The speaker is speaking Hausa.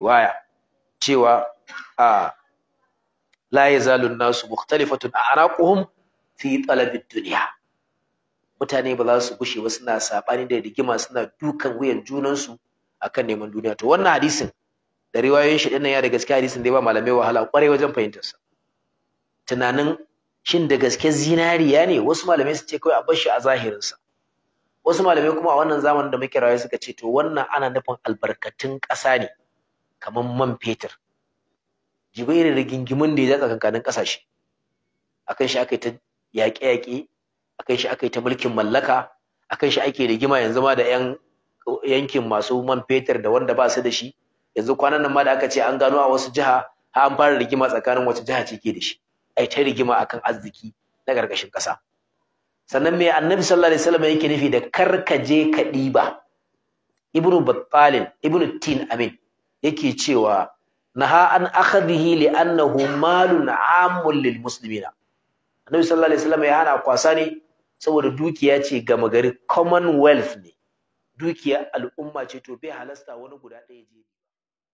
riwaya cewa a la zalun nasu mukhtalifatun a'raquhum fi talabid duniya. mutane ba za su gushe ba suna saɓani da rigima suna dukan wuyan junansu akan neman duniya to wannan hadisin da riwayoyin shi dinnan ya da gaskiya hadisin da ba malamai wahala kwarai wajen fahimtar sa tunanin shin da gaske zinariya ne wasu malamai su ce kawai a bar a zahirin sa wasu malamai kuma a wannan zamanin da muke rayuwa suka ce to wannan ana nufin albarkatun ƙasa ne Kaman man fetur jibairu rigingimin da ya zaka kankanin ƙasashe akan shi akai ta yaƙe-yaƙe akan shi akai ta mulkin mallaka akan shi ake rigima yanzu ma da yan yankin masu man fetur da wanda ba su da shi yanzu kwanan nan ma da aka ce an gano a wasu jiha har an fara rigima tsakanin wata jiha ce ke da shi ai ta rigima akan arziki na ƙarƙashin kasa sannan me annabi sallallahu alaihi wasallam yake nufi da karkaje ka ibnu battalin ibnu tin amin yake cewa naha an akhadhihi li annahu malun amun lil muslimina annabi sallallahu alaihi wasallam ya hana kwasa ne saboda dukiya ce gama gari commonwealth ne dukiya al'umma ce to bai halasta wani guda ɗaya je